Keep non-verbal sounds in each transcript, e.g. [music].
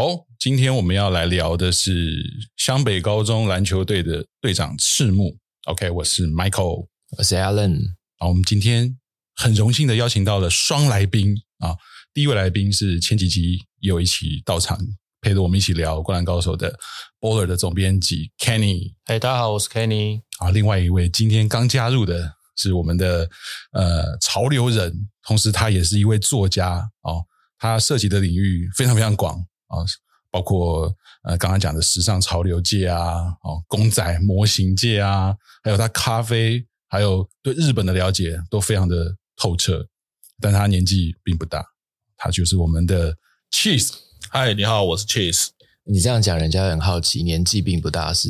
好，今天我們要來聊的是湘北高中籃球隊的隊長赤木。OK，我是 Michael，我是 Alan。啊，我們今天很榮幸的邀請到了雙來賓啊、哦。第一位來賓是前幾集也有一起到場，陪着我們一起聊《灌籃高手》的《Baller》的總編輯 Kenny。哎、Hey，大家好，我是 Kenny。啊，另外一位今天剛加入的是我們的呃潮流人，同時他也是一位作家哦，他涉及的領域非常非常廣。啊、哦，包括呃，剛剛講的時尚潮流界啊，哦，公仔模型界啊，還有他咖啡，還有對日本的了解都非常的透徹，但他年紀並不大，他就是我們的 Chez。嗨，你好，我是 Chez。你這樣講，人家很好奇，年紀並不大是？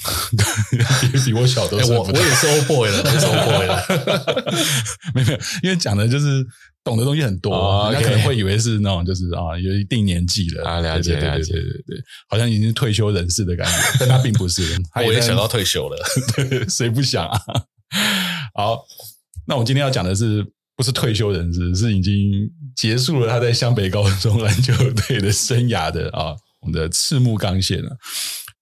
[laughs] 比我小的、欸。我，我也是 Old Boy 了，我 Old Boy 了。 [laughs] [laughs] 沒有，因為講的就是。懂的東西很多，他、oh, okay. 可能會以為是那種就是啊，有一定年紀了啊，了解對對對，了解對，對，對，好像已經是退休人士的感覺， [laughs] 但他並不是，他 [laughs] 也想到退休了，對，誰不想啊？好，那我們今天要講的是，不是退休人士，是已經結束了他在湘北高中籃球隊的、的生涯的啊，我們的赤木剛憲了。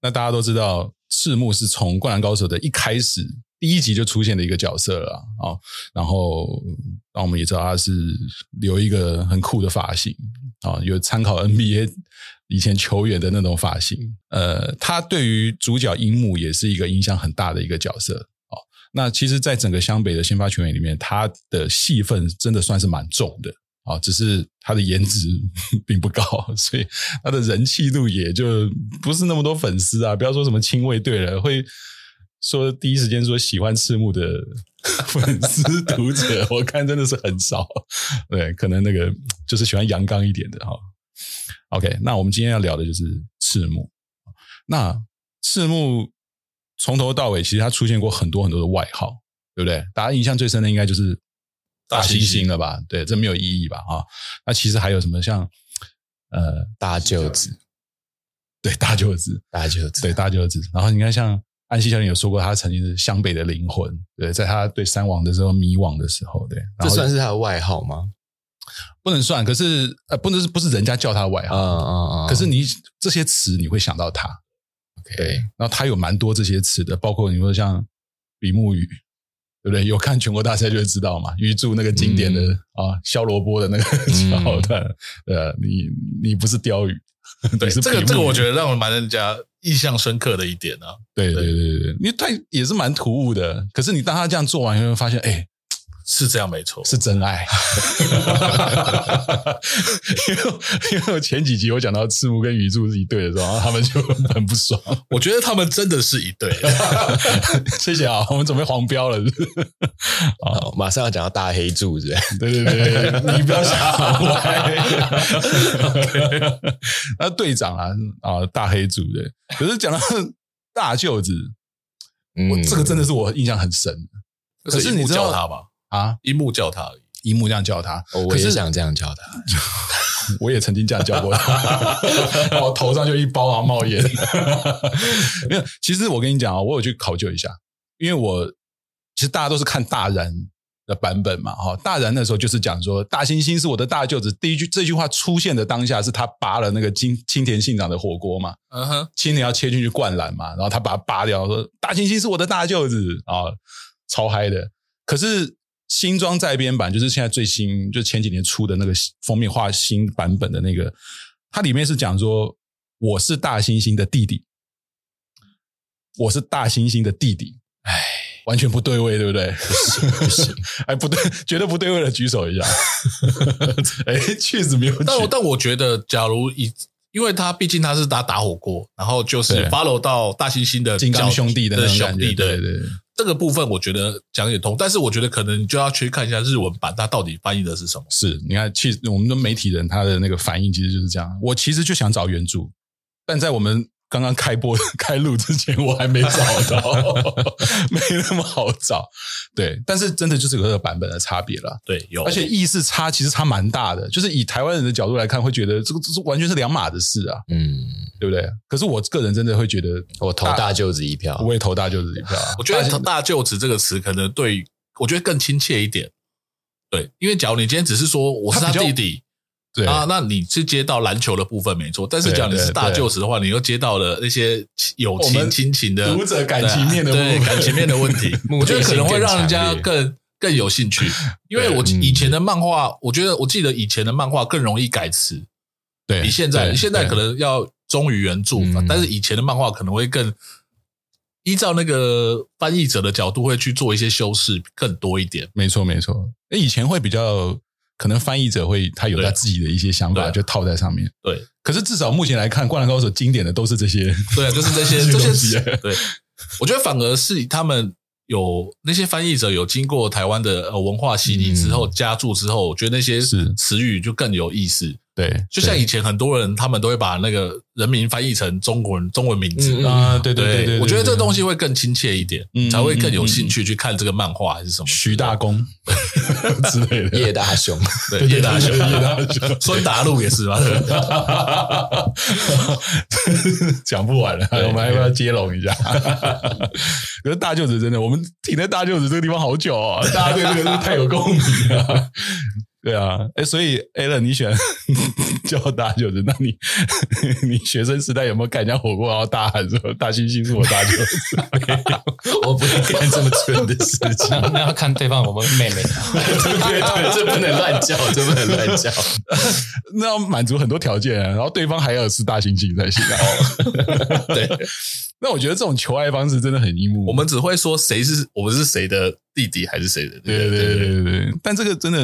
那大家都知道，赤木是從《灌籃高手》的一開始。第一集就出現的一個角色了啊，然後那我們也知道他是留一個很酷的髮型啊，有參考 NBA 以前球員的那種髮型。呃，他對於主角櫻木也是一個影響很大的一個角色啊。那其實，在整個湘北的先發球員裡面，他的戲份真的算是蠻重的啊，只是他的顏值並不高，所以他的人氣度也就不是那麼多粉絲啊。不要說什麼親衛隊了，會。說第一時間說喜歡赤木的粉絲讀者，我看真的是很少。對，可能那個就是喜歡陽剛一點的哈。OK，那我們今天要聊的就是赤木。那赤木從頭到尾，其實他出現過很多很多的外號，對不對？大家印象最深的應該就是大猩猩了吧？猩猩對，這沒有異議吧？啊，那其實還有什麼像呃大舅子，對大舅子，大舅子，對，大舅子，大，舅子， [laughs] 對大舅子。然後你看像。安西教練有說過，他曾經是湘北的靈魂。對，在他對山王的時候迷惘的時候，對，這算是他的外號嗎？不能算，可是呃，不能是不是人家叫他外號啊啊啊！可是你這些詞你會想到他，okay. 對，然後他有蠻多這些詞的，包括你說像比目魚，對不對？有看全國大賽就會知道嘛，魚住那個經典的、嗯、啊，削蘿蔔的那個橋段，呃、嗯啊，你你不是鯛魚。 [laughs] 對，這個這個我覺得讓我蠻人家印象深刻的一點啊。對對對對，因為他也是蠻突兀的。可是你當他這樣做完你會發現誒、欸是這樣，沒錯，是真愛。 [laughs] 因為因為前幾集我講到赤木跟魚住是一對的時候，他們就很不爽。我覺得他們真的是一對。 [laughs] 謝謝啊，我們準備黃標了是不是？啊，馬上要講到大黑柱子，對對對， [laughs] 你不要想歪、 [laughs] okay。那隊長啊，大黑柱子。可是講到大舅子、嗯，我這個真的是我印象很深。可，可是你知道他吧？啊！櫻木叫他，櫻木這樣叫他，哦、我也可是想這樣叫他， [laughs] 我也曾經這樣叫過他， [laughs] 然後我頭上就一包啊冒煙。 [laughs] 沒有，其實我跟你講啊、哦，我有去考究一下，因為我其實大家都是看大然的版本嘛，哈、哦！大然那時候就是講說，大猩猩是我的大舅子。第一句這一句話出現的當下，是他拔了那個清、清田信長的火鍋嘛，嗯哼，清田要切進去灌籃嘛，然後他把他拔掉，說大猩猩是我的大舅子啊、哦，超嗨的。可是。新裝再編版就是現在最新，就前幾年出的那個封面畫新版本的那個，它裡面是講說，我是大猩猩的弟弟，我是大猩猩的弟弟，哎，完全不對味，對不對？不 [laughs] 行不行，哎， [laughs] 不對，覺得不對味的舉手一下。哎、 [laughs] 欸，確實沒有。但我但我覺得，假如以因為他畢竟他是打打火鍋，然後就是 follow 到大猩猩的金剛兄弟的那種感覺，對對。這個部分我覺得講也通，但是我覺得可能你就要去看一下日文版，它到底翻譯的是什麼？是，你看，其實我們的媒體人他的那個反應其實就是這樣。我其實就想找原著，但在我們剛剛開播開錄之前，我還沒找到， [laughs] 沒那麼好找。對，但是真的就是有這個版本的差別了。對，有，而且意思差其實差蠻大的。就是以台灣人的角度來看，會覺得這個是完全是兩碼的事啊。嗯。對不對？可是我個人真的會覺得，我投大舅子一票啊。我也投大舅子一票啊。我覺得“大舅子”這個詞可能對於我覺得更親切一點。對，因為假如你今天只是說我是他弟弟，對啊，那你是接到籃球的部分沒錯。但是，假如你是大舅子的話，你又接到了那些友情親情的讀者感情面的問題，感情面的問題 [laughs] 的，我覺得可能會讓人家更更有興趣。因為我以前的漫畫，我覺得我記得以前的漫畫更容易改詞，對，你現在你現在可能要。忠於原著，但是以前的漫畫可能會更依照那個翻譯者的角度，會去做一些修飾，更多一點。沒錯，沒錯。那、欸、以前會比較可能翻譯者會他有他自己的一些想法，就套在上面。對，可是至少目前來看，《灌籃高手》經典的都是這些。對啊，就是這些這些、啊、這些。對，我覺得反而是他們有那些翻譯者有經過台灣的文化洗禮之後，嗯、加注之後，我覺得那些是詞語就更有意思。對，對，就像以前很多人，他們都會把那個人名翻譯成中國人中文名字、嗯、啊，對對對對，對，我覺得這個東西會更親切一點、嗯，才會更有興趣去看這個漫畫還是什麼，嗯嗯嗯嗯、徐大公 [laughs] 之類的，葉大雄，對葉大雄葉大雄，孫達陸也是吧？ [laughs] 講不完了，啊、我們還要不要接龍一下？ [laughs] 可是大舅子真的，我們停在大舅子這個地方好久啊、哦，大家對這個東西太有共鳴了。 [laughs] [laughs] 對啊，哎、欸，所以 Alan 你選叫我大舅子，那你你學生時代有沒有蓋人家火鍋，然後大喊說大猩猩是我大舅子？ [laughs] okay, [laughs] 我不會幹這麼蠢的事情。 [laughs] 那，那要看對方，我們妹妹、啊、 [laughs] [laughs] 對對對，這不能亂叫，這不能亂叫。 [laughs] [laughs] 那要滿足很多條件、啊，然後對方還要是大猩猩才行、啊。 [laughs] [laughs] 對， [laughs] 那我覺得這種求愛方式真的很陰謀 [laughs] 我們只會說誰是我們是誰的。弟弟還是誰的對對對對對？對對對對，但這個真的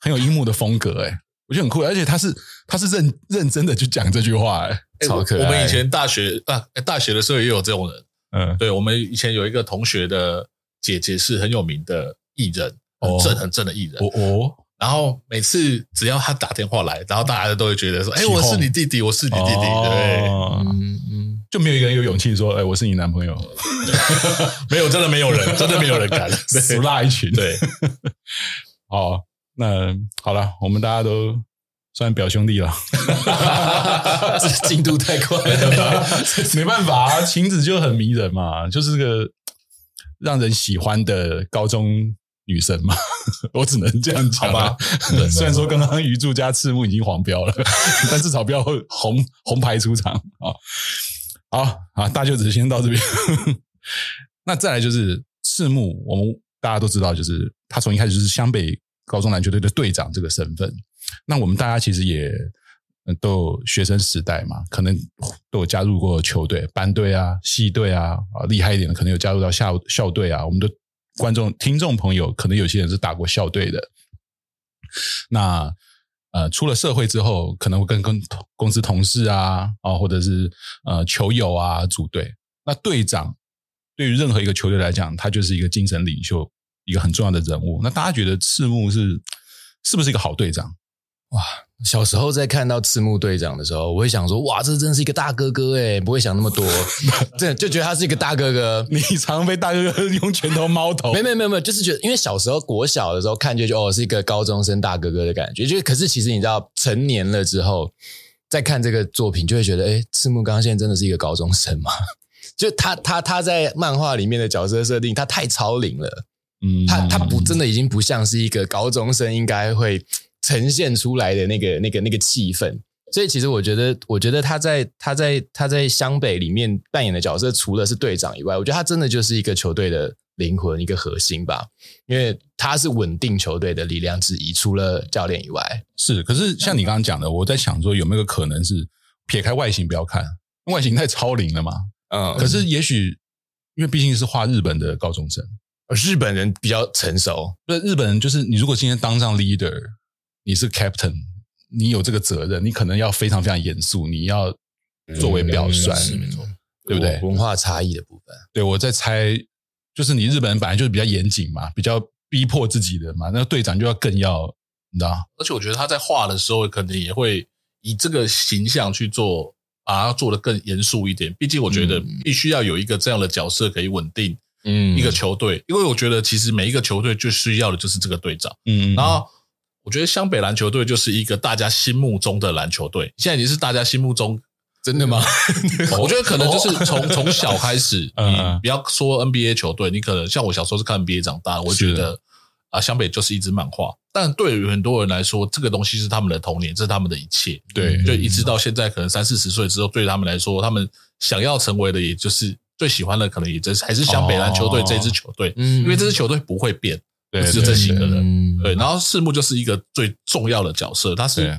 很有櫻木的風格哎、欸， [laughs] 我覺得很酷，而且他是他是認認真的去講這句話哎、欸欸，超可愛。我們以前大學啊、欸，大學的時候也有這種人，嗯，對，我們以前有一個同學的姐姐是很有名的藝人，哦，很正很正的藝人哦。然後每次只要他打電話來，然後大家都會覺得說：“哎、欸，我是你弟弟，我是你弟弟。”對。哦嗯就沒有一個人有勇氣說：“哎、欸，我是你男朋友。 [laughs] ” [laughs] 沒有，真的沒有人，真的沒有人敢。死 [laughs] 拉一群。對。 [laughs] 哦，那好了，我們大家都算表兄弟了。進 [laughs] [laughs] 度太快了，了 [laughs] 沒辦法、啊。晴子就很迷人嘛，就是個讓人喜歡的高中女生嘛。 [laughs] 我只能這樣講吧。對對對 [laughs] 雖然說剛剛魚住加赤木已經黃標了， [laughs] 但至少不要紅 [laughs] 紅，紅牌出場啊。哦好，好，大舅子先到這邊。 [laughs] 那再來就是赤木，我們大家都知道，就是他從一開始就是湘北高中籃球隊的隊長這個身份。那我們大家其實也都有學生時代嘛，可能都有加入過球隊、班隊啊、系隊啊啊，厲害一點的可能有加入到校校隊啊。我們的觀眾、聽眾朋友，可能有些人是打過校隊的。那。呃，出了社會之後，可能會跟跟公司同事啊，啊，或者是呃球友啊組隊。那隊長對於任何一個球隊來講，他就是一個精神領袖，一個很重要的人物。那大家覺得赤木是是不是一個好隊長？哇，小時候在看到赤木隊長的時候，我會想說，哇，這真的是一個大哥哥誒、欸、不會想那麼多，真的 [laughs] 就覺得他是一個大哥哥。你常被大哥哥用拳頭摸頭。沒沒沒沒，就是覺得，因為小時候國小的時候看，感覺就就哦，是一個高中生大哥哥的感覺。就可是其實你知道，成年了之後再看這個作品，就會覺得，哎，赤木剛憲真的是一個高中生嗎？就他他他在漫畫裡面的角色設定，他太超齡了。嗯，他他不真的已經不像是一個高中生，應該會。呈現出來的那個、那個、那個氣氛，所以其實我覺得，我覺得他在他在他在他在湘北裡面扮演的角色，除了是隊長以外，我覺得他真的就是一個球隊的靈魂，一個核心吧。因為他是穩定球隊的力量之一，除了教練以外，是。可是像你剛剛講的，我在想說，有沒有可能是撇開外形不要看，外形太超齡了嘛？嗯，uh，可是也許因為畢竟是畫日本的高中生，日本人比較成熟，所以日本人就是你如果今天當上 leader。你是 captain，你有這個責任，你可能要非常非常嚴肅，你要作為表率，嗯、是沒錯，對不對？對文化差異的部分，對我在猜，就是你日本人本來就是比較嚴謹嘛，比較逼迫自己的嘛，那個隊長就要更要，你知道？而且我覺得他在畫的時候，可能也會以這個形象去做，把他做得更嚴肅一點。畢竟我覺得必須要有一個這樣的角色可以穩定，嗯，一個球隊、嗯，因為我覺得其實每一個球隊最需要的就是這個隊長，嗯，然後。我覺得湘北籃球隊就是一個大家心目中的籃球隊，現在已經是大家心目中真的嗎？ [laughs] 我覺得可能就是從從小開始，嗯，不要說 NBA 球隊，你可能像我小時候是看 NBA 長大。我覺得啊，湘北就是一支漫畫。但對於很多人來說，這個東西是他們的童年，這是他們的一切。對，就一直到現在，可能三四十歲之後，對他們來說，他們想要成為的，也就是最喜歡的，可能也就是還是湘北籃球隊這支球隊，因為這支球隊不會變。對對對對就這幾個人，對。嗯、然後赤木就是一個最重要的角色，他是，啊、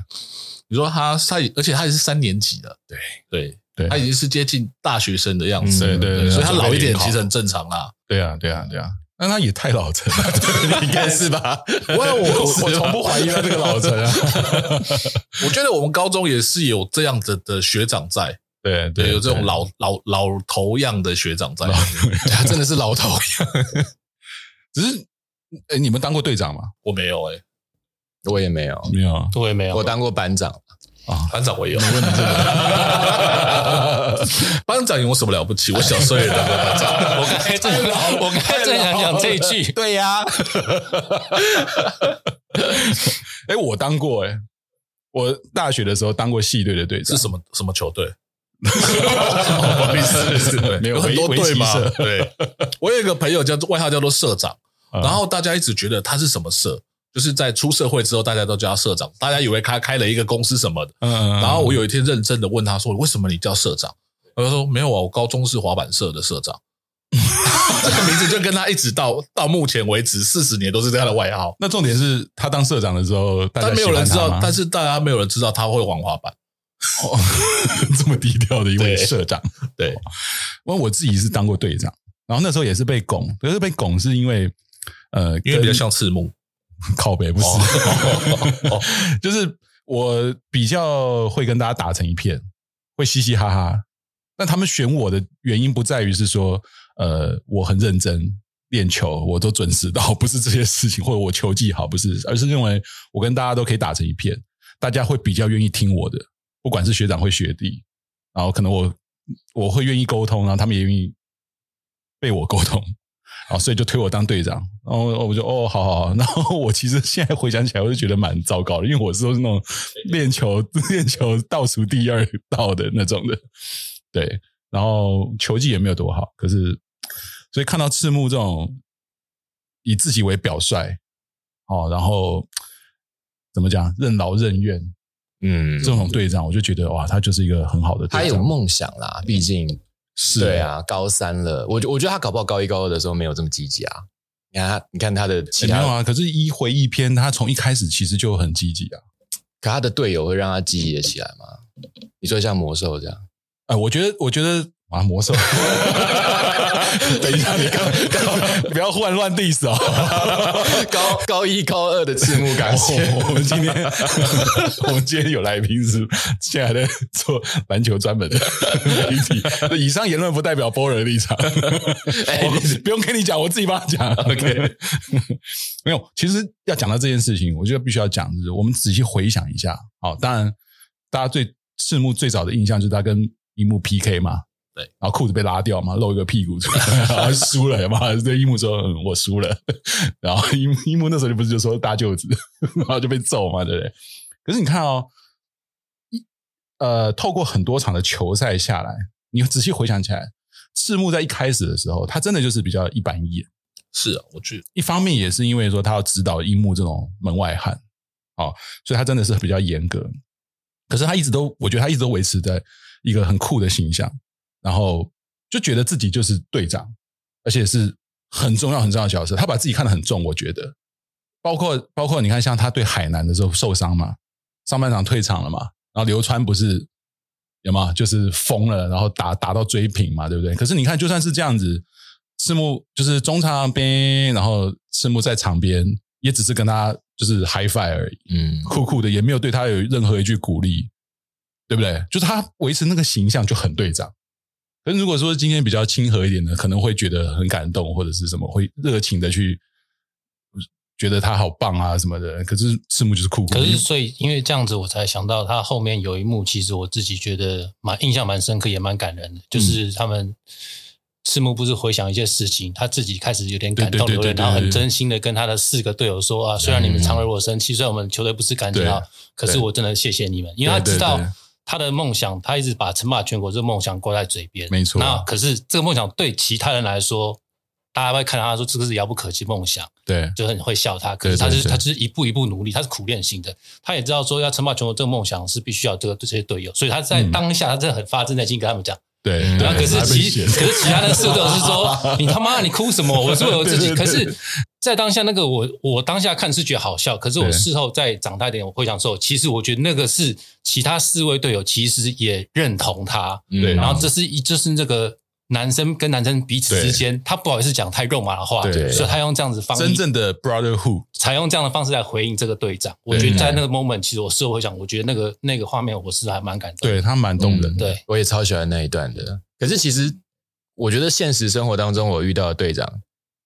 你說他他，而且他也是三年級的，對對對、啊，他已經是接近大學生的樣子，對對對，對，所以他老一點其實很正常啦、啊。對，對，對,啊、對，對，對，對啊對啊對啊，那他也太老成， [laughs] 對對對笑應該是吧？我我我從不懷疑他這個老成啊。 [laughs] [laughs] 我覺得我們高中也是有這樣子的學長在，對對，對，有這種老老老頭樣的學長在，他 [laughs] 真的是老頭樣，只是。哎，你們當過隊長嗎？我沒有哎、欸，我也沒有，沒有，我也沒有。我當過班長啊、哦，班長我有。問你問這個？ [laughs] 班長有，有什麼了不起？我小時候也當過班長。我剛才我剛才正想講這一句。對呀、啊。哎， [laughs] 我當過哎，我大學的時候當過系隊的隊長，是什麼什麼球隊？不好意思，沒有很多隊嘛。對， [laughs] 我有一個朋友叫外號叫做社長。然後大家一直覺得他是什麼社，就是在出社會之後，大家都叫他社長，大家以為他開了一個公司什麼的。然後我有一天認真的問他說：“為什麼你叫社長？”他說：“沒有啊，我高中是滑板社的社長。 [laughs] ”這個名字就跟他一直到到目前為止四十年都是這樣的外號。那重點是他當社長的時候他，但沒有人知道，但是大家沒有人知道他會玩滑板，哦，這麼低調的一位社長。對，我我自己是當過隊長，然後那時候也是被拱，可是被拱是因為。呃，因為比較像赤木。靠北不是、oh.， [laughs] 就是我比較會跟大家打成一片，會嘻嘻哈哈。但他們選我的原因不在於是說，呃，我很認真練球，我都準時到，不是這些事情，或者我球技好，不是，而是認為我跟大家都可以打成一片，大家會比較願意聽我的，不管是學長或學弟，然後可能我我會願意溝通、啊，然後他們也願意被我溝通。啊，所以就推我當隊長，然後我就哦，好好好。然後我其實現在回想起來，我就覺得蠻糟糕的，因為我是都是那種練球練球倒數第二道的那種的，對。然後球技也沒有多好，可是所以看到赤木這種以自己為表率，哦，然後怎麼講，任勞任怨，嗯，這種隊長，我就覺得哇，他就是一個很好的隊長。他有夢想啦，畢竟、嗯。是啊，對啊，高三了，我覺我覺得他搞不好高一高二的時候沒有這麼積極啊。你看他，你看他的其他沒有啊，可是一回憶篇，他從一開始其實就很積極啊。可他的隊友會讓他積極的起來嗎？你說像魔獸這樣，哎、呃，我覺得，我覺得啊，魔獸。 [laughs] [laughs] 等一下，你剛不要亂 diss 哦！高高一、高二的赤木感謝、哦、我們今天， [laughs] 我們今天有來賓是現在還在做籃球專門的媒體。以上言論不代表波人的立場，哎、 [laughs] 不用跟你講，我自己幫他講、 [laughs] okay。沒有，其實要講到這件事情，我就必須要講、就是，我們仔細回想一下。好，當然大家最赤木最早的印象就是他跟櫻木 PK 嘛。對，然後褲子被拉掉嘛，露一個屁股出來，然後輸了嘛。這櫻木說、嗯：“我輸了。”然後櫻櫻木那時候就不是就說大舅子，然後就被揍嘛，對不對？可是你看哦，一呃，透過很多場的球賽下來，你仔細回想起來，赤木在一開始的時候，他真的就是比較一板一眼。是啊，我覺得一方面也是因為說他要指導櫻木這種門外漢啊、哦，所以他真的是比較嚴格。可是他一直都，我覺得他一直都維持在一個很酷的形象。然後就覺得自己就是隊長，而且是很重要、很重要的角色。他把自己看得很重，我覺得。包括包括你看，像他對海南的時候受傷嘛，上半場退場了嘛，然後流川不是有嗎？就是瘋了，然後打打到追平嘛，對不對？可是你看，就算是這樣子，赤木就是中場邊，然後赤木在場邊，也只是跟他就是 high five 而已，嗯，酷酷的，也沒有對他有任何一句鼓勵，對不對？就是他維持那個形象就很隊長。但如果說今天比較親和一點的，可能會覺得很感動，或者是什麼會熱情的去覺得他好棒啊什麼的。可是赤木就是酷酷。可是所以因為這樣子，我才想到他後面有一幕，其實我自己覺得蠻印象蠻深刻，也蠻感人的。就是他們赤木不是回想一些事情，他自己開始有點感動有淚，對對對對對對，然後很真心的跟他的四個隊友說，對對啊，雖然你們常惹我生氣，雖然我們球隊不是感情啊，對對可是我真的謝謝你們，因為他知道。他的夢想，他一直把稱霸全國這個夢想掛在嘴邊，沒錯、啊。那可是這個夢想對其他人來說，大家會看到他，他說這個是遙不可及夢想，對，就很會笑他。可是他，就是對對對，他就是一步一步努力，他是苦練型的，他也知道說要稱霸全國這個夢想是必須要這個這些隊友，所以他在當下他真的很發自內心跟他們講。嗯對,對，然後可是其可是其他的四位隊友是說， [laughs] 你他媽你哭什麼？我是為我自己。 [laughs] 對對對可是，在當下那個我我當下看是覺得好笑，可是我事後再長大一點，我會想說，其實我覺得那個是其他四位隊友其實也認同他，嗯、然後這是一，就是那個。男生跟男生彼此之間，他不好意思講太肉麻的話，對，所以他用這樣子方式，真正的 brotherhood，採用這樣的方式來回應這個隊長。我覺得在那個 moment，其實我事後會想，我覺得那個那個畫面我是還蠻感動，對，他蠻動人的。嗯。對，我也超喜歡那一段的。可是其實我覺得現實生活當中，我遇到的隊長。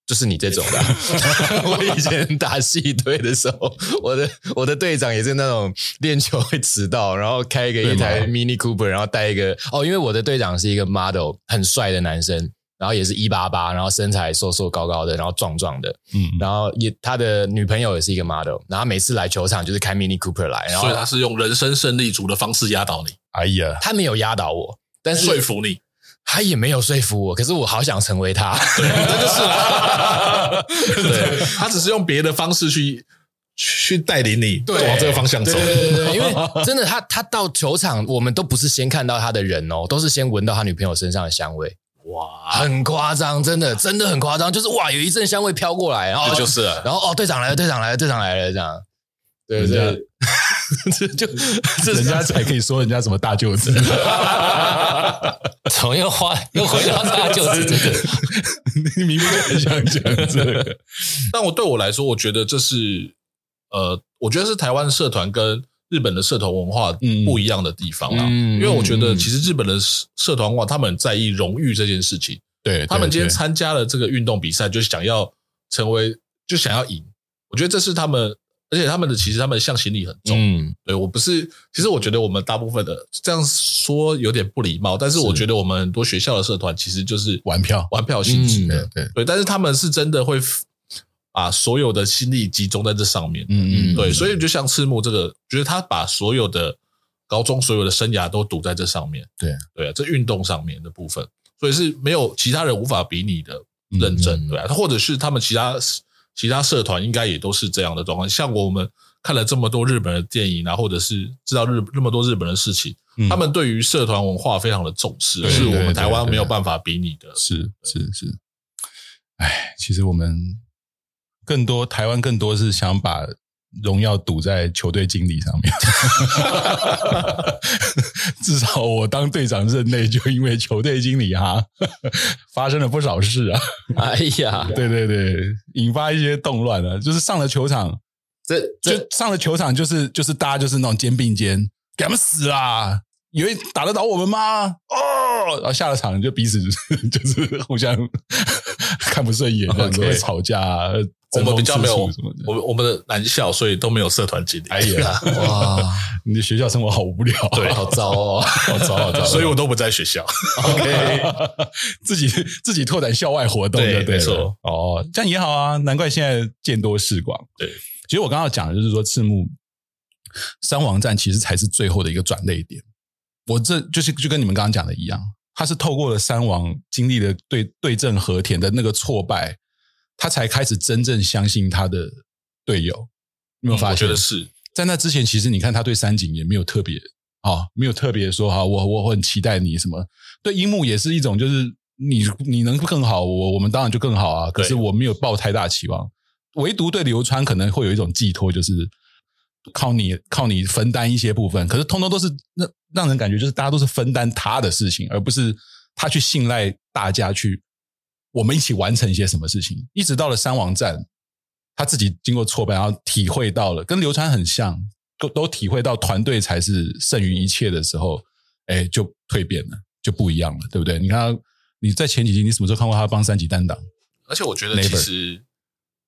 就是你這種的。 [laughs] [laughs] 我以前打戲隊的時候，我的我的隊長也是那種練球會遲到，然後開一個一台 Mini Cooper，然後帶一個。哦，因為我的隊長是一個 model 很帥的男生，然後也是一八八，然後身材瘦瘦高高的，然後壯壯的，嗯，然後也他的女朋友也是一個 model，然後每次來球場就是開 Mini Cooper 來，然後所以他是用人生勝利組的方式壓倒你。哎呀，他沒有壓倒我，但是說服你。他也沒有說服我，可是我好想成為他，真的是對, [laughs] 對他只是用別的方式去去帶領你，對，往這個方向走。對對對,對,對，因為真的他，他他到球場，我們都不是先看到他的人哦，都是先聞到他女朋友身上的香味。哇，很誇張，真的，真的很誇張，就是哇，有一陣香味飄過來，哦。就是，然後哦，隊長來了，隊長來了，隊長來了，這樣。對人家， [laughs] 這就這人家才可以說人家什麼大舅子， [laughs] 從又換又回到大舅子，你明明就很想講這個， [laughs] 但我對我來說，我覺得這是呃，我覺得是台灣社團跟日本的社團文化不一樣的地方啦、啊嗯。因為我覺得其實日本的社團文化，嗯、他們很在意榮譽這件事情，對，對,對，他們今天參加了這個運動比賽，就想要成為，就想要贏。我覺得這是他們。而且他們的其實他們向心力很重，嗯，對，我不是，其實我覺得我們大部分的這樣說有點不禮貌，但是我覺得我們很多學校的社團其實就是玩票、玩票性質、嗯、對，對，對，但是他們是真的會把所有的心力集中在這上面，嗯嗯，對，所以就像赤木這個，覺得他把所有的高中所有的生涯都賭在這上面，對對啊，這運動上面的部分，所以是沒有其他人無法比擬的認真、嗯，對啊，他或者是他們其他。其他社團應該也都是這樣的狀況。像我們看了這麼多日本的電影啊，或者是知道日那麼多日本的事情，嗯，他們對於社團文化非常的重視，對對對對，是我們台灣沒有辦法比擬的。是是是，哎，其實我們更多台灣更多是想把。榮耀賭在球隊經理上面 [laughs] [laughs] 至少我當隊長任內就因為球隊經理哈、啊、 [laughs] 發生了不少事啊！ [laughs] 哎呀，對對對，引發一些動亂了、啊。就是上了球場，這這上了球場，就是就是大家就是那種肩並肩，幹嘛死啊？以為打得倒我們嗎？哦，然後下了場就彼此就是，就是互相看不順眼，就會吵架、啊。Okay. 促促我們比較沒有，我們我們的男校，所以都沒有社團經歷。哎呀、啊，哇！你的學校生活好無聊，對，好糟啊、哦，好糟好糟,好糟，所以我都不在學校，okay. [laughs] 自己自己拓展校外活動對。對，沒錯。哦，這樣也好啊，難怪現在見多識廣。對，其實我剛剛講的就是說，赤木山王戰其實才是最後的一個轉捩點。我這就是就跟你們剛剛講的一樣，他是透過了山王經歷了對對陣河田的那個挫敗。他才開始真正相信他的隊友，你有沒有發覺、嗯？我覺得是在那之前，其實你看他對三井也沒有特別啊、哦，沒有特別說哈，我我很期待你什麼？對櫻木也是一種，就是你你能更好，我我們當然就更好啊。可是我沒有抱太大期望，唯獨對流川可能會有一種寄託，就是靠你靠你分擔一些部分。可是通通都是那讓人感覺就是大家都是分擔他的事情，而不是他去信賴大家去。我們一起完成一些什麼事情，一直到了山王戰，他自己經過挫敗，然後體會到了，跟流川很像，都都體會到團隊才是勝於一切的時候，哎，就蛻變了，就不一樣了，對不對？你看他，你在前幾集，你什麼時候看過他幫三井擔當？而且我覺得其實，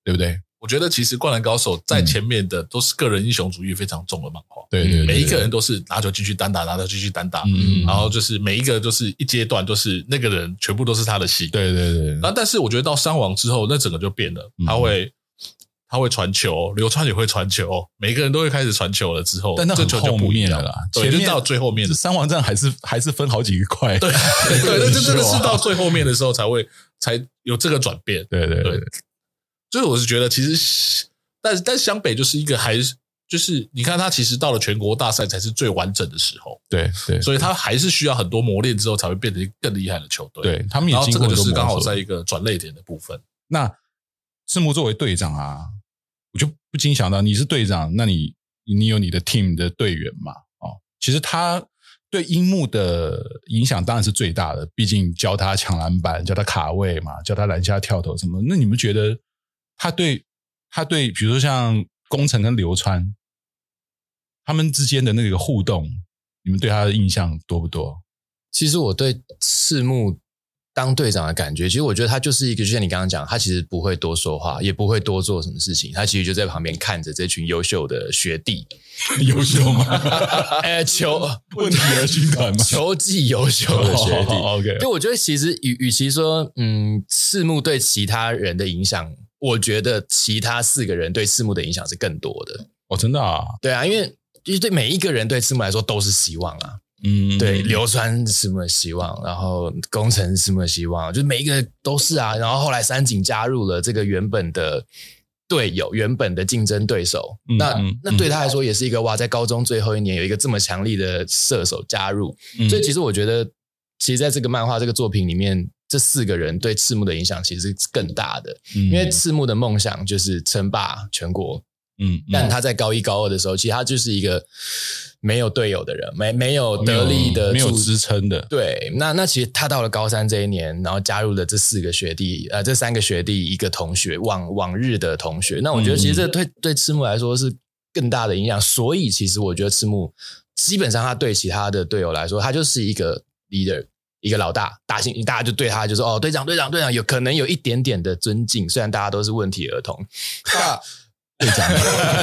對不對？我覺得其實《灌籃高手》在前面的都是個人英雄主義非常重的漫畫，對對，每一個人都是拿球進去單打，拿球進去單打，嗯、然後就是每一個就是一階段，就是那個人全部都是他的戲，對對對、啊。那但是我覺得到山王之後，那整個就變了，嗯、他會他會傳球，流川也會傳球，每個人都會開始傳球了。之後，但那後這球後面了，對就到最後面，山王戰還是還是分好幾個塊，對對，對，對。就真的是到最後面的時候才會才有這個轉變，對對對，對，對。所以我是覺得，其實，但但湘北就是一個還，還是就是你看他，其實到了全國大賽才是最完整的時候，對對，所以他還是需要很多磨練之後，才會變成更厲害的球隊。對，他們也經過，已經，這個就是剛好在一個轉捩點的部分。那赤木作為隊長啊，我就不禁想到，你是隊長，那你你有你的 team 的隊員嘛？哦，其實他對櫻木的影響當然是最大的，畢竟教他搶籃板，教他卡位嘛，教他籃下跳投什麼。那你們覺得？他對，他對，比如說像宮城跟流川，他們之間的那個互動，你們對他的印象多不多？其實我對赤木當隊長的感覺，其實我覺得他就是一個，就像你剛剛講，他其實不會多說話，也不會多做什麼事情，他其實就在旁邊看着這群優秀的學弟， [laughs] 優秀嗎？哎、 [laughs] 欸，求，問題兒軍團嗎，球技優秀的學弟。好好好 OK，就我覺得其實與與其說，嗯，赤木對其他人的影響。我覺得其他四個人對赤木的影響是更多的。哦，真的啊？對啊，因為就是對每一個人對赤木來說都是希望啊。嗯，對，流川是什麼希望，然後宮城是什麼希望，就是每一個都是啊。然後後來三井加入了這個原本的隊友，原本的競爭對手，嗯、那、嗯、那對他來說也是一個哇，在高中最後一年有一個這麼強力的射手加入，所以其實我覺得，嗯、其實在這個漫畫這個作品裡面。這四個人對赤木的影響其實是更大的，嗯，因為赤木的夢想就是稱霸全國。嗯，嗯，但他在高一、高二的時候，其實他就是一個沒有隊友的人，沒沒有得力的沒、沒有支撐的。對，那那其實他到了高三這一年，然後加入了這四個學弟，呃，這三個學弟一個同學，往往日的同學。那我覺得其實這對、嗯、對，對赤木來說是更大的影響。所以，其實我覺得赤木基本上他對其他的隊友來說，他就是一個 leader。一個老大，大興，大家就對他就說：“哦，隊長，隊長，隊長，有可能有一點點的尊敬，雖然大家都是問題兒童。啊”隊長，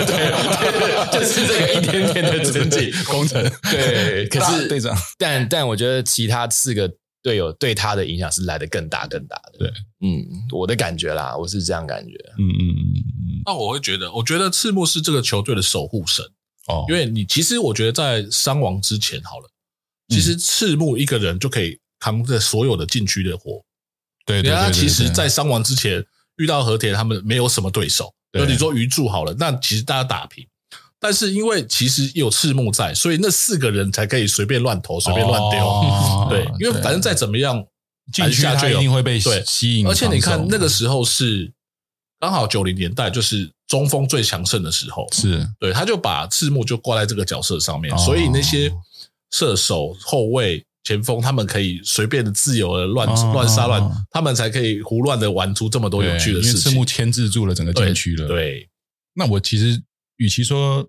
對，就是這個一點點的尊敬。工程，對，可是隊長，但但我覺得其他四個隊友對他的影響是來的更大更大的。對，嗯，我的感覺啦，我是這樣感覺。嗯嗯嗯嗯，那我會覺得，我覺得赤木是這個球隊的守護神哦，因為你其實我覺得在山王之前好了，其實赤木一個人就可以。扛着所有的禁區的活，對，對，他其實，在傷亡之前對對對對遇到河田，他們沒有什麼對手。對，就你說魚住好了，那其實大家打平。但是因為其實有赤木在，所以那四個人才可以隨便亂投，隨便亂丟，哦。對，因為反正再怎麼樣就，進去他一定會被吸引對。而且你看那個時候是剛好九零年代，就是中鋒最強盛的時候。是，對，他就把赤木就掛在這個角色上面，哦，所以那些射手後衛。前鋒他們可以隨便的自由的亂、哦、亂殺亂，他們才可以胡亂的玩出這麼多有趣的事情。因為赤木牽制住了整個禁區了。對，對那我其實與其說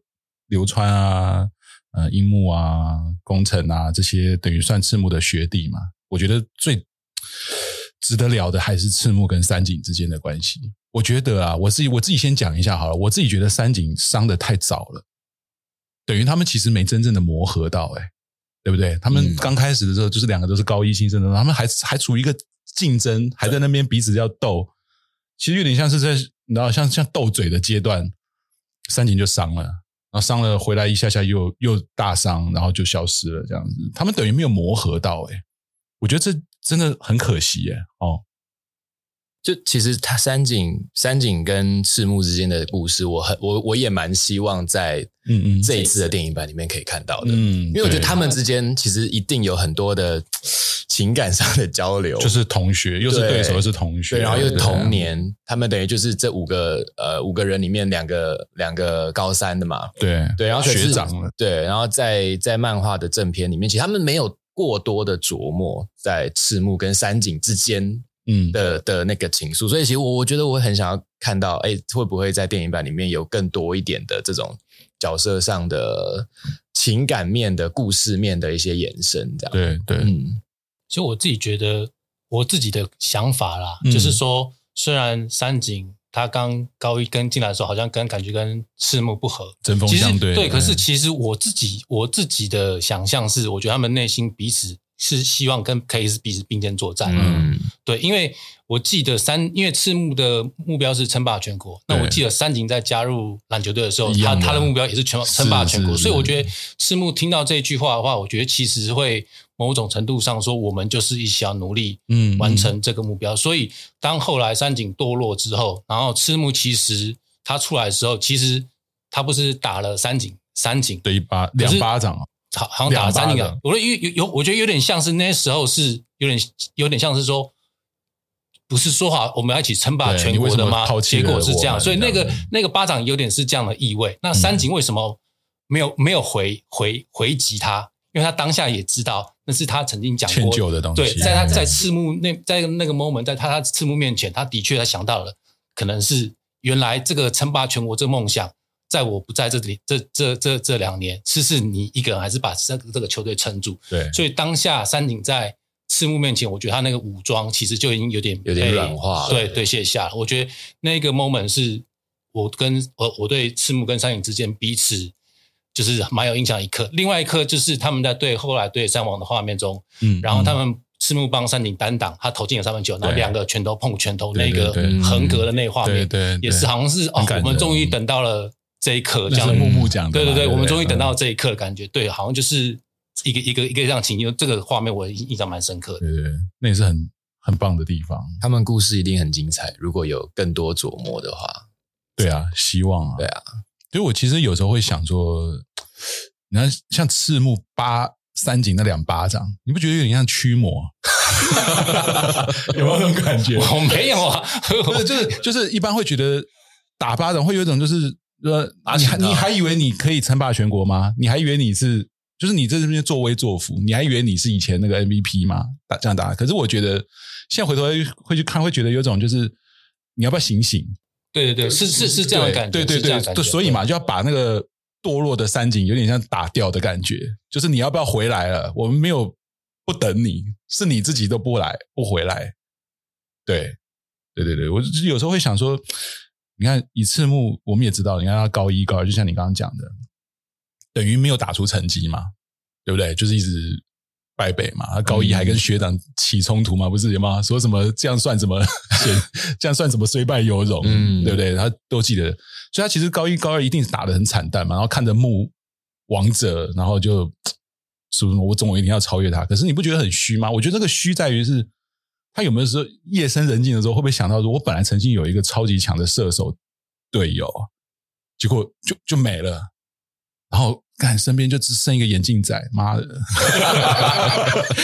流川啊、呃櫻木啊、宮城啊這些等於算赤木的學弟嘛，我覺得最值得聊的還是赤木跟三井之間的關係。我覺得啊，我自己我自己先講一下好了，我自己覺得三井傷的太早了，等於他們其實沒真正的磨合到、欸，哎。對不對？他們剛開始的時候、嗯、就是兩個都是高一新生的，然後他們還還處於一個競爭，還在那邊彼此要鬥，其實有點像是在，然後像像鬥嘴的階段，三井就傷了，然後傷了回來一下下又又大傷，然後就消失了這樣子。他們等於沒有磨合到、欸，哎，我覺得這真的很可惜、欸，哎，哦。.就其實他三井三井跟赤木之間的故事我，我很我我也蠻希望在嗯這一次的電影版裡面可以看到的，嗯，嗯，因為我覺得他們之間其實一定有很多的情感上的交流，就是同學又是對手對又是同學，啊對，然後又是童年，他們等於就是這五個、啊、呃五個人裡面兩個兩個高三的嘛，對對，然後學長對，然後在在漫畫的正片裡面，其實他們沒有過多的琢磨在赤木跟三井之間。嗯的的那個情愫，所以其實我我覺得我很想要看到，哎、欸，會不會在電影版裡面有更多一點的這種角色上的情感面的故事面的一些延伸，這樣對對。其實、嗯、我自己覺得我自己的想法啦，嗯、就是說，雖然三井他剛高一跟進來的時候，好像跟感覺跟赤木不合，針鋒相對，其實對，對。可是其實我自己我自己的想象是，我覺得他們內心彼此。是希望跟可以彼此並肩作戰。嗯，對，因為我記得三，因為赤木的目標是稱霸全國。那我記得三井在加入籃球隊的時候，他他的目標也是全稱霸全國。所以我覺得赤木聽到這句話的話，我覺得其實會某種程度上說，我們就是一起要努力，嗯，完成這個目標。嗯，所以當後來三井墮落之後，然後赤木其實他出來的時候，其實他不是打了三井，三井，對，一巴兩巴掌。好，好像打了三井啊，我說，因為有有，我覺得有點像是那時候是有點有點像是說，不是說好，我們要一起稱霸全國的嗎？結果是這樣，所以那個那個巴掌有點是這樣的意味。那三井為什麼沒有、嗯、沒有回回回擊他？因為他當下也知道那是他曾經講過的、的東西，對，在他在赤木那在那個 moment，在他他赤木面前，他的確他想到了，可能是原來這個稱霸全國這個夢想。在我不在這裡，這這這這，這兩年，是是你一個人，還是把這個、這個球隊撐住？對，所以當下三井在赤木面前，我覺得他那個武裝其實就已經有點有點軟化了，對對，卸下了。我覺得那個 moment 是我跟我我對赤木跟三井之間彼此就是蠻有印象的一刻。另外一刻就是他們在對後來對山王的畫面中，嗯，然後他們赤木幫三井單擋，他投進了三分球，嗯，然後兩個拳頭碰拳頭，那個橫格的那畫面，嗯對對對，對，也是好像是哦，嗯，我們終於等到了。嗯嗯這一刻，這樣木暮講的，嗯，對對對，對對，我們終於等到這一刻的感覺，對，對對對好像就是一個一個一個樣情景，這個畫面我印象蠻深刻的，對，對那也是很很棒的地方。他們故事一定很精彩，如果有更多琢磨的話，對啊，希望啊，對啊，所以我其實有時候會想說，你看像赤木八三井那兩巴掌，你不覺得有點像驅魔？ [laughs] [laughs] 有沒有那種感覺？我沒有啊， [laughs] 就是就是一般會覺得打巴掌會有一種就是。說、啊，你還、啊、你還以為你可以稱霸全國嗎？你還以為你是就是你在這邊作威作福？你還以為你是以前那個 MVP 嗎？打這樣打，可是我覺得現在回頭會去看，會覺得有種就是你要不要醒醒？對對對，是是是這樣的感覺，對對對，對，對，所以嘛，就要把那個墮落的三井有點像打掉的感覺，就是你要不要回來了？我們沒有不等你，是你自己都不來不回來？對對對對，我有時候會想說。你看，以赤木我們也知道，你看他高一高二，就像你剛剛講的，等於沒有打出成績嘛，對不對？就是一直敗北嘛。他高一還跟學長起衝突嘛，嗯、不是有嗎？說什麼這樣算什麼，這樣算什麼，雖 [laughs] 敗猶榮、嗯，對不對？他都記得，所以他其實高一高二一定是打得很慘淡嘛。然後看着牧王者，然後就說什麼，我總有一天要超越他。可是你不覺得很虛嗎？我覺得這個虛在於是。他有沒有時候夜深人靜的時候，會不會想到說，我本來曾經有一個超級強的射手隊友，結果就就沒了，然後看身邊就只剩一個眼鏡仔，媽的！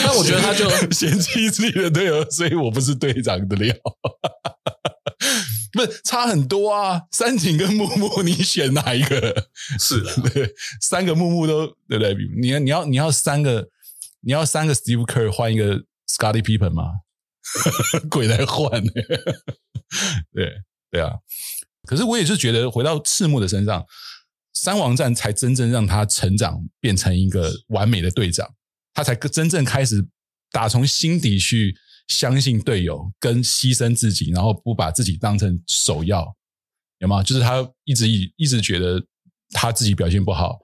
那 [laughs] [laughs] 我覺得他就嫌棄自己的隊友，所以我不是隊長的料， [laughs] 不是差很多啊。三井跟木木，你選哪一個？是的， [laughs] 三個木木都對不對？你你要你要三個，你要三個 Steve Kerr 換一個 Scottie Pippen 嗎？ [laughs] 鬼來換呢？對對啊！可是我也是覺得，回到赤木的身上，山王戰才真正讓他成長，變成一個完美的隊長。他才真正開始打從心底去相信隊友，跟犧牲自己，然後不把自己當成首要。有嗎？就是他一直一一直覺得他自己表現不好，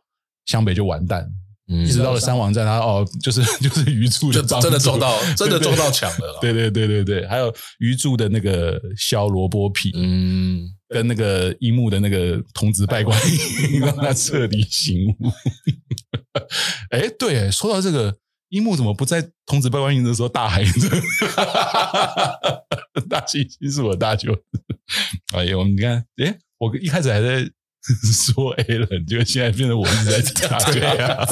湘北就完蛋。嗯、一直到了山王戰，他、嗯、哦，就是就是魚住就真的撞到，真的撞到牆了。對對對，對對對對對，還有魚住的那個削蘿蔔皮，嗯，跟那個櫻木的那個童子拜觀音、嗯，讓他徹底醒悟。剛剛剛 [laughs] 哎，對，說到這個，櫻木怎麼不在童子拜觀音的時候大喊一聲哈，大猩猩、嗯、 [laughs] 是我大舅子”？哎，我們看，哎，我一開始還在。 [laughs] 說 A 了，你就現在變成我一直在講對呀，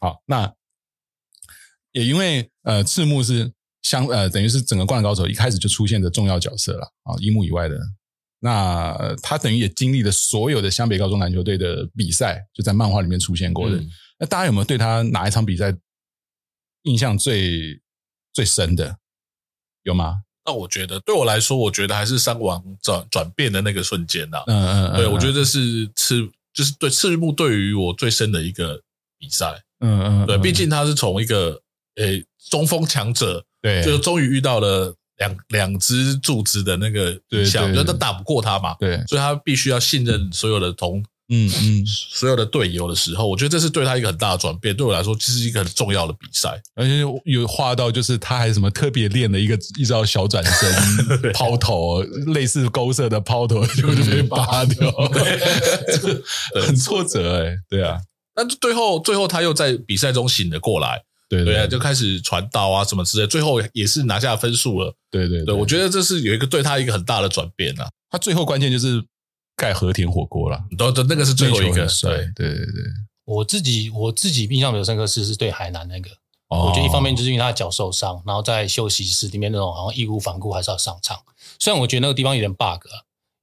啊。好，那也因為呃，赤木是湘呃，等於是整個灌籃高手一開始就出現的重要角色了啊。櫻、哦、木以外的，那、呃、他等於也經歷了所有的湘北高中籃球隊的比賽，就在漫畫裡面出現過的。嗯、那大家有沒有對他哪一場比賽印象最最深的？有嗎？那我覺得，對我來說，我覺得還是山王轉轉變的那個瞬間吶、啊。嗯對嗯對，我覺得這是赤，就是對赤木對於我最深的一個比賽。嗯嗯，對嗯，畢竟他是從一個誒中鋒強者，對，就終於遇到了兩兩支柱子的那個對，像，就他打不過他嘛對，對，所以他必須要信任所有的同。對嗯嗯嗯，所有的隊友的時候，我覺得這是對他一個很大的轉變。對我來說，其實是一個很重要的比賽。而且有畫到，就是他還什麼特別練的一個一招小轉身拋投， [laughs] 類似勾射的拋投，就就被扒掉，很挫折、欸。對啊，那、啊、最後最後他又在比賽中醒了過來，對對啊，對對對對就開始傳導啊什麼之類，最後也是拿下分數了。對對對,對,對對對，我覺得這是有一個對他一個很大的轉變啊。他最後關鍵就是。蓋河田火鍋了，都都那個是最後一個。對對對對，我自己我自己印象比較深刻是是對海南那個、哦，我覺得一方面就是因為他腳受傷，然後在休息室裡面那種好像義無反顧還是要上場，雖然我覺得那個地方有點 bug，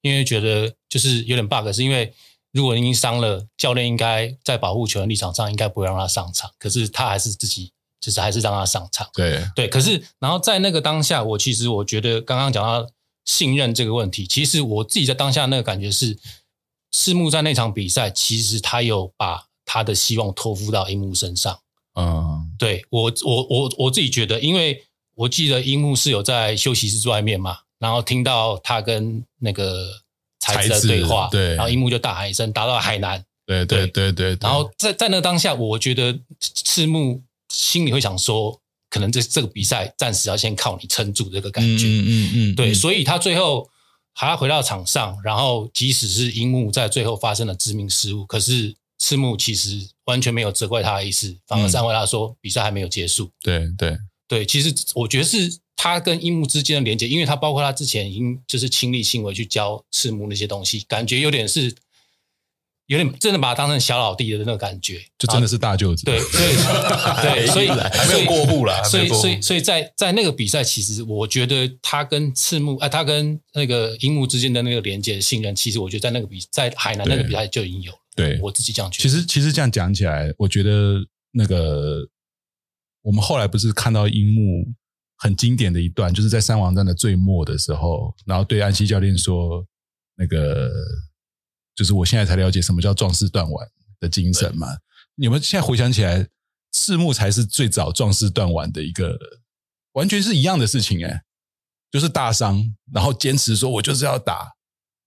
因為覺得就是有點 bug，是因為如果已經傷了，教練應該在保護球員立場上應該不會讓他上場，可是他還是自己就是還是讓他上場。對對，可是然後在那個當下，我其實我覺得剛剛講到。信任這個問題，其實我自己在當下那個感覺是，赤木在那場比賽，其實他有把他的希望托付到櫻木身上。嗯，對我我我我自己覺得，因為我記得櫻木是有在休息室外面嘛，然後聽到他跟那個彩子的對話，對，然後櫻木就大喊一聲，打到海南。對對對對，對，對，對，然後在在那當下，我覺得赤木心裡會想說。可能這這個比賽暫時要先靠你撐住，這個感覺。嗯，嗯嗯、嗯對，所以他最後還要回到場上，然後即使是櫻木在最後發生了致命失誤，可是赤木其實完全沒有責怪他的意思，反而安慰他說、嗯、比賽還沒有結束。對對對，其實我覺得是他跟櫻木之間的連接，因為他包括他之前已經就是親力親為去教赤木那些東西，感覺有點是。有點真的把他當成小老弟的那種感覺，就真的是大舅子。對對對、對，所以還沒有過戶啦。所以所以、所以、所、以所以在在那個比賽，其實我覺得他跟赤木啊，他跟那個櫻木之間的那個連接的信任，其實我覺得在那個比在海南那個比賽就已經有了。對我自己這樣覺得。其實其實這樣講起來，我覺得那個我們後來不是看到櫻木很經典的一段，就是在三王戰的最末的時候，然後對安西教練說那個。就是我現在才了解什麼叫壯士斷腕的精神嘛！你們現在回想起來，赤木才是最早壯士斷腕的一個，完全是一樣的事情誒、欸、就是大傷，然後堅持說我就是要打，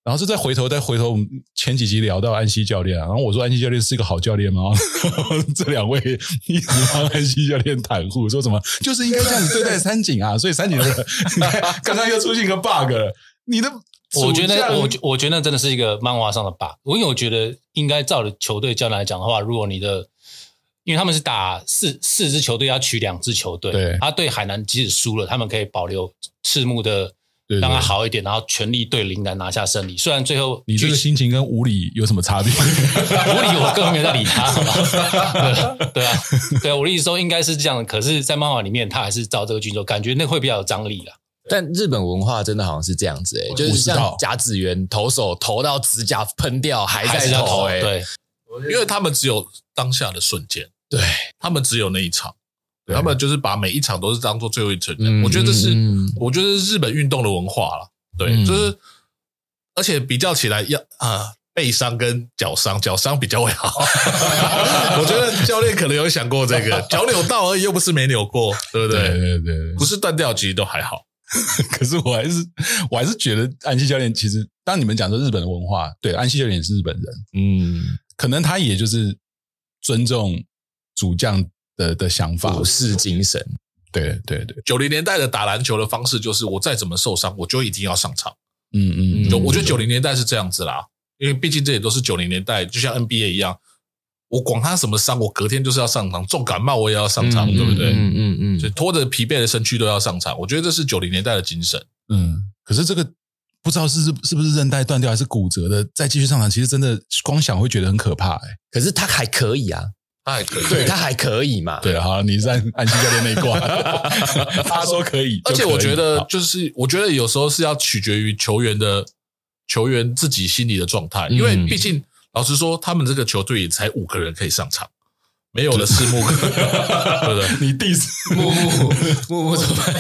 然後就再回頭再回頭。我們前幾集聊到安西教練、啊，然後我說安西教練是一個好教練嘛？ [laughs] [laughs] 這兩位一直幫安西教練袒護，說什麼就是應該這樣對待三井啊！ [laughs] 所以三井、就是、 [laughs] 剛剛又出現一個 bug 了，你的。我覺得，我我覺得那真的是一個漫畫上的 bug。我因為我覺得，應該照着球隊教練來講的話，如果你的，因為他們是打四四支球隊要取兩支球隊，他對、啊、對海南即使輸了，他們可以保留赤木的，讓他好一點，對對對，然後全力對陵南拿下勝利。雖然最後，你說心情跟武里有什麼差別？ [laughs] 武里，我根本沒在理他，好 [laughs] 吧、 [laughs] 啊？對啊，對啊，我意思說應該是這樣，可是，在漫畫裡面他還是照這個去做，感覺那會比較有張力啦。但日本文化真的好像是這樣子誒、欸,就是像甲子園投手投到指甲噴掉還在投誒、欸欸，對，因為他們只有當下的瞬間，對他們只有那一場，對，他們就是把每一場都是當做最後一場、嗯。我覺得這是，嗯、我覺得這是日本運動的文化啦、嗯，對，就是而且比較起來要啊、呃、背傷跟腳傷，腳傷比較會好。 [laughs] [laughs] 我覺得教練可能有想過這個，腳扭到而已，又不是沒扭過， [laughs] 對不對？對對，對，不是斷掉其實都還好。 [laughs] 可是我還是我還是覺得安西教練其實，當你們講說日本的文化，對，安西教練也是日本人，嗯，可能他也就是尊重主將的的想法，武士精神，對對對，九零年代的打籃球的方式就是我再怎麼受傷，我就一定要上場，嗯嗯，嗯，就我覺得九零年代是這樣子啦，因為畢竟這也都是九零年代，就像 NBA 一樣。我管他什麼傷，我隔天就是要上場。重感冒我也要上場，嗯、對不對？嗯嗯嗯，就、嗯、拖着疲憊的身軀都要上場。我覺得這是九零年代的精神。嗯，可是這個不知道是是是不是韌帶斷掉還是骨折的，再繼續上場，其實真的光想會覺得很可怕哎、欸。可是他還可以啊，他還可以，對他還可以嘛？對，好了，你是安西教練那一掛， [laughs] 他說可以，可以。而且我覺得，就是我覺得有時候是要取決於球員的球員自己心理的狀態，嗯、因為畢竟。老實說，他們這個球隊也才五個人可以上場，沒有了赤木哥， [laughs] [laughs] 對不對？你第四木木木，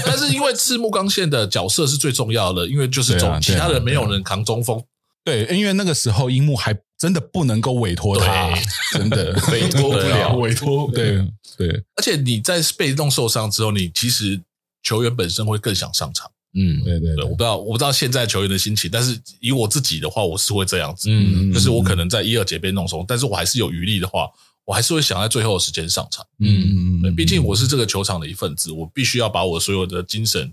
但是因為赤木剛憲的角色是最重要的，因為就是中、啊啊啊，其他的人沒有人扛中鋒。對、啊對，啊對，因為那個時候櫻木還真的不能夠委托他，真的 [laughs] 委托不了， [laughs] 委托對對，對。而且你在被動受傷之後，你其實球員本身會更想上場。嗯對，對對對，我不知道，我不知道現在球員的心情，但是以我自己的話，我是會這樣子。嗯，嗯，就是我可能在一二節被弄鬆、嗯，但是我還是有餘力的話，我還是會想在最後的時間上場。嗯嗯嗯，畢竟我是這個球場的一份子，我必須要把我所有的精神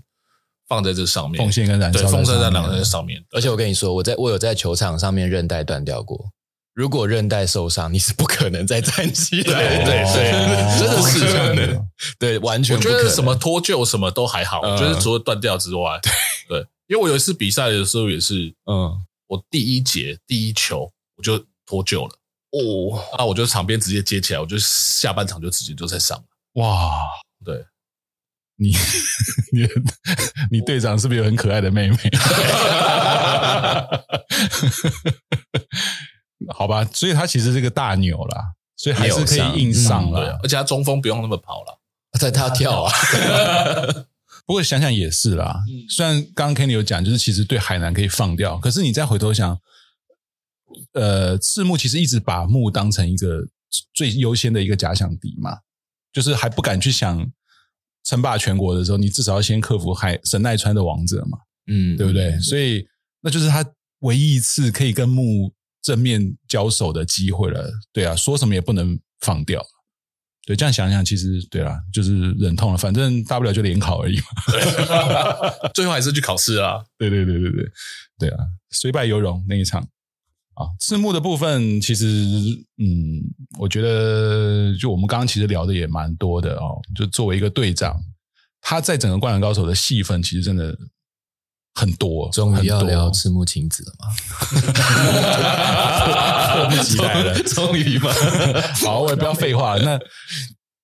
放在這上面，奉獻跟燃燒，對，奉獻在燃燒上面的。而且我跟你說，我在我有在球場上面韌帶斷掉過。如果韌帶受傷，你是不可能再站起來了。對對，對， [laughs] 真的是真的，對，完全我覺得什麼脫臼什麼都還好，嗯，就是除了斷掉之外。對對，因為我有一次比賽的時候也是，嗯，我第一節第一球我就脫臼了，哦，那我就場邊直接接起來，我就下半場就直接就在上了。哇，對，你你你隊長是不是有很可愛的妹妹？好吧，所以他其實是一個大牛啦，所以還是可以硬上了，而且他中鋒不用那麼跑了，他在他要跳啊。 [laughs] 不過想想也是啦，嗯、雖然剛剛 Kenny 有講，就是其實對海南可以放掉，可是你再回頭想，呃，赤木其實一直把木當成一個最優先的一個假想敵嘛，就是還不敢去想稱霸全國的時候，你至少要先克服海神奈川的王者嘛，嗯，對不對，對？所以那就是他唯一一次可以跟木。正面交手的機會了，對啊，說什麼也不能放掉。對，這樣想想，其實對啊，就是忍痛了，反正大不了就聯考而已嘛。 [laughs] [laughs] [laughs] 最後還是去考試啊，對，對對對對對，對啊，雖敗猶榮那一場啊。哦，字幕的部分，其實嗯，我覺得就我們剛剛其實聊的也蠻多的哦。就作為一個隊長，他在整個《灌籃高手》的戲份，其實真的。很多，終於要聊赤木晴子了嗎？ [laughs] 終？終於嗎？ [laughs] 好，我也不要廢話。 [laughs] 那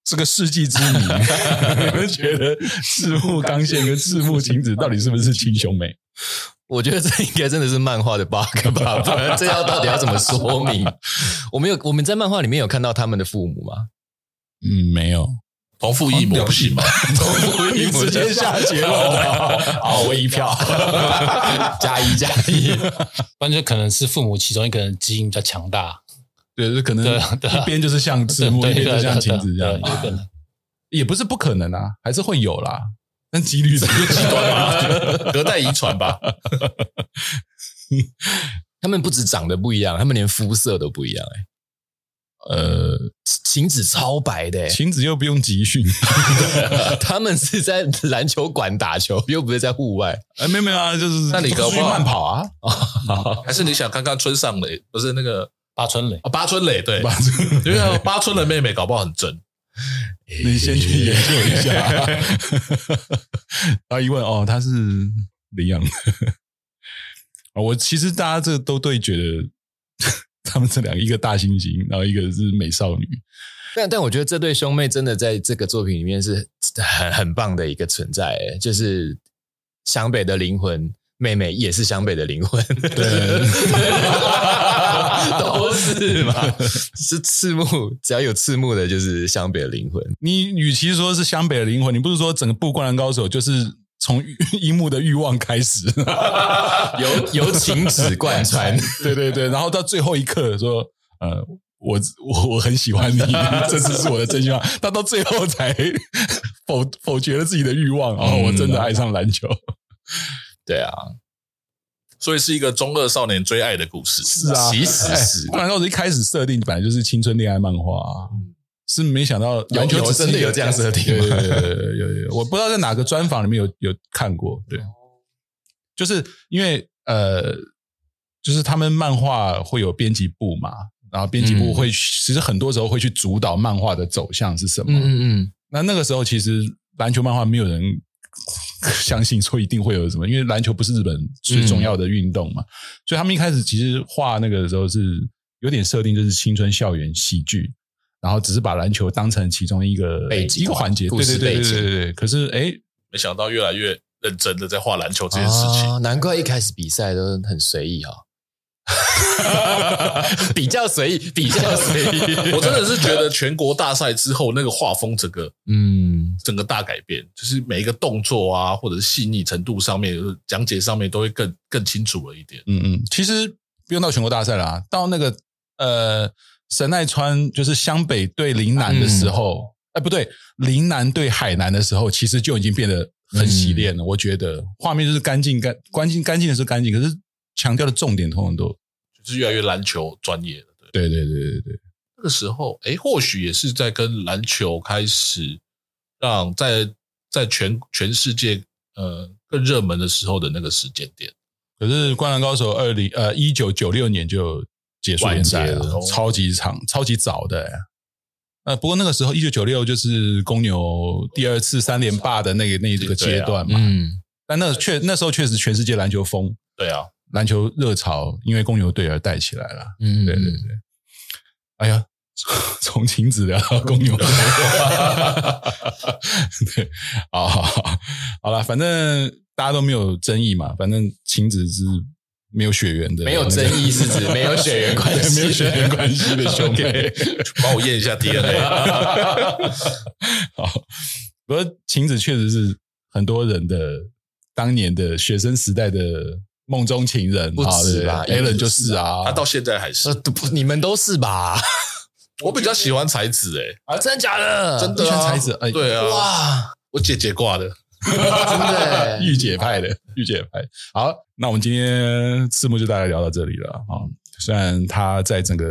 這個世紀之謎， [laughs] 你們覺得赤木剛憲跟赤木晴子到底是不是親兄妹？我覺得這應該真的是漫畫的 bug 吧？ [laughs] [laughs] 這要到底要怎麼說明？我們有我們在漫畫裡面有看到他們的父母嗎？嗯，沒有。同父異母不，哦，是嗎？同父異母 [laughs] 直接下結論了，對對對好，我一票，加一加一。關鍵可能是父母其中一個人基因比較強大，對，是可能一邊就是像子母，對對對對一邊就是像親子這樣，有也不是不可能啊，還是會有啦，但幾率不是極端嘛，隔代遺傳吧。 [laughs] 他們不止長得不一樣，他們連膚色都不一樣，欸，哎。呃，晴子超白的，欸，晴子又不用集訓， [laughs] [laughs] 他們是在籃球館打球，又不是在戶外。欸，沒有沒有啊，就是那你可不可以慢跑啊，哦好嗯？還是你想看看村上磊，不是那個八村壘？八村壘，哦，對，八村對對，因為八村的妹妹搞不好很正，你先去研究一下。然後一問哦，他是怎樣的？啊， [laughs] 哦，我其實大家這個都對覺得。他們這兩個，一個大猩猩，然後一個是美少女。但但我覺得這對兄妹真的在這個作品裡面是很很棒的一個存在。就是湘北的靈魂，妹妹也是湘北的靈魂，對， [laughs] [laughs] 都是嘛。是赤木，只要有赤木的，就是湘北的靈魂。你與其說是湘北的靈魂，你不是說整個部《灌籃高手》就是。從櫻木的欲望開始 [laughs] 由，由 [laughs] 由情止貫穿，對對對， [laughs] 然後到最後一刻說：“呃，我我我很喜歡你， [laughs] 這次是我的真心話。”他到最後才否否決了自己的欲望，然、哦嗯、我真的愛上籃球、嗯啊。對啊，所以是一個中二少年追愛的故事， [laughs] 是啊，其實是，哎嗯、不然我一開始設定本來就是青春戀愛漫畫、啊。嗯是沒想到籃球真的有這樣設定，對對對，有有有，我不知道在哪個專訪裡面有有看過，對，就是因為呃，就是他們漫畫會有編輯部嘛，然後編輯部會、嗯、其實很多時候會去主導漫畫的走向是什麼，嗯嗯，那那個時候其實籃球漫畫沒有人相信說一定會有什麼，因為籃球不是日本最重要的運動嘛，嗯、所以他們一開始其實畫那個的時候是有點設定就是青春校園喜劇。然後只是把籃球當成其中一個一個環節，對對對對對。可是，誒，沒想到越來越認真的在畫籃球這件事情。哦、難怪一開始比賽都很隨意哈、哦， [laughs] 比較隨意，比較隨意。 [laughs] 我真的是覺得全國大賽之後那個畫風整個，嗯，整個大改變，就是每一個動作啊，或者是細膩程度上面，講解上面都會更更清楚了一點。嗯嗯，其實不用到全國大賽啦、啊，到那個呃。神奈川就是湘北對陵南的時候，嗯，哎，不對，陵南對海南的時候，其實就已經變得很洗練了。嗯，我覺得畫面就是乾淨、乾乾淨乾淨的時候乾淨，可是強調的重點通常都就是越來越籃球專業了。對，對，對，對，對，對，對，對，那個時候，哎，或許也是在跟籃球開始讓在在全全世界呃更熱門的時候的那個時間點。可是《灌籃高手》20，呃，二零呃一九九六年就。結束決賽啊，超級長，超級早的、欸。呃、啊，不過那個時候，一九九六就是公牛第二次三連霸的那個那一個階段嘛、啊。嗯，但那確那時候確實全世界籃球風對啊，籃球熱潮因為公牛隊而帶起來了。嗯，對對對。嗯、哎呀，從從晴子聊到公牛，公牛 [laughs] [laughs] 對，啊，好了，反正大家都沒有爭議嘛，反正晴子是。沒有血緣的，沒有爭議是指 [laughs] 沒有血緣關係、 [laughs] 沒有血緣關係的兄弟，okay, 幫我驗一下 DNA。 [laughs] 對 [laughs] 好，不過晴子確實是很多人的當年的學生時代的夢中情人，不止吧？Allen、啊、就是啊，他、啊、到現在還是、啊，你們都是吧？我比較喜歡彩子、欸，哎、啊，真的假的？真的、啊，彩子、哎，對啊，我姐姐掛的。哈 [laughs] 哈耶 [noise] ，御姐派的御姐派，好，那我們今天赤木就大概聊到這裡了啊。雖然他在整個。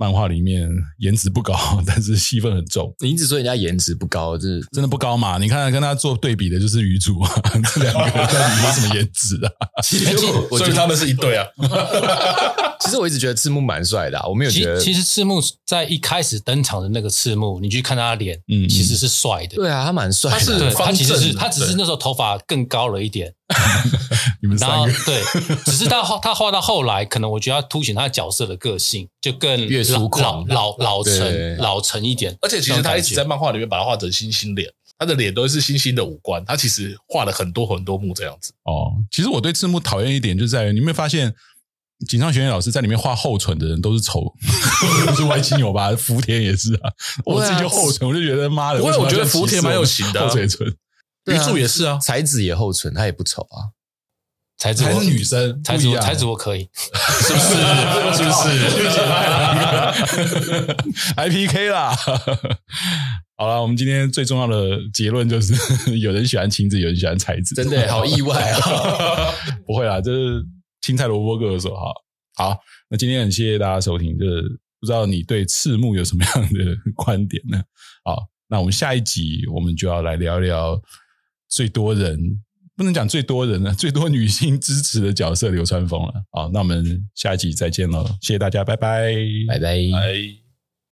漫畫裡面顏值不高，但是戲份很重。你一直說人家顏值不高，這真的不高嘛？你看跟他做對比的就是魚住啊，這兩個人到底有 [laughs] 什麼顏值啊。其實，其實我覺得他們是一對啊。其實我一直覺得赤木蠻帥的，啊，我沒有覺得其。其實赤木在一開始登場的那個赤木，你去看他的臉嗯，嗯，其實是帥的。對啊，他蠻帥的，啊，他是的他其實是他只是那時候頭髮更高了一點。 [laughs] 你們然後對， [laughs] 只是他畫他畫到後來，可能我覺得他凸顯他角色的個性，就更老老老、老成，老成一點。而且其實他一直在漫畫裡面把他畫成猩猩臉，他的臉都是猩猩的五官。他其實畫了很多很多幕這樣子。哦，其實我對字幕討厭一點就是在於，你們有沒有發現井上雄彥老師在裡面畫厚唇的人都是醜， [laughs] [laughs] 不是歪七扭八吧？ [laughs] 福田也是啊，啊我自己就厚唇，我就覺得媽的。為，我覺得福田蠻有型的厚，啊、嘴唇、唇。魚住也是啊,也也啊，彩子也厚唇，他也不醜啊。彩子才是女生，彩子彩子我可以，是不是？是不是？I、啊、是不是？啊、是不 P K 啦。好了，我們今天最重要的結論就是，有人喜歡晴子，有人喜歡彩子，真的好意外啊！ [laughs] 不會啦，這、就是青菜蘿蔔各有所好。好，那今天很謝謝大家收聽，就是不知道你對赤木有什麼樣的觀點呢？好，那我們下一集我們就要來聊聊。最多人，不能講最多人了啊，最多女性支持的角色流川楓了。好，那我們下一集再見嘍，謝謝大家，拜拜，拜拜，拜。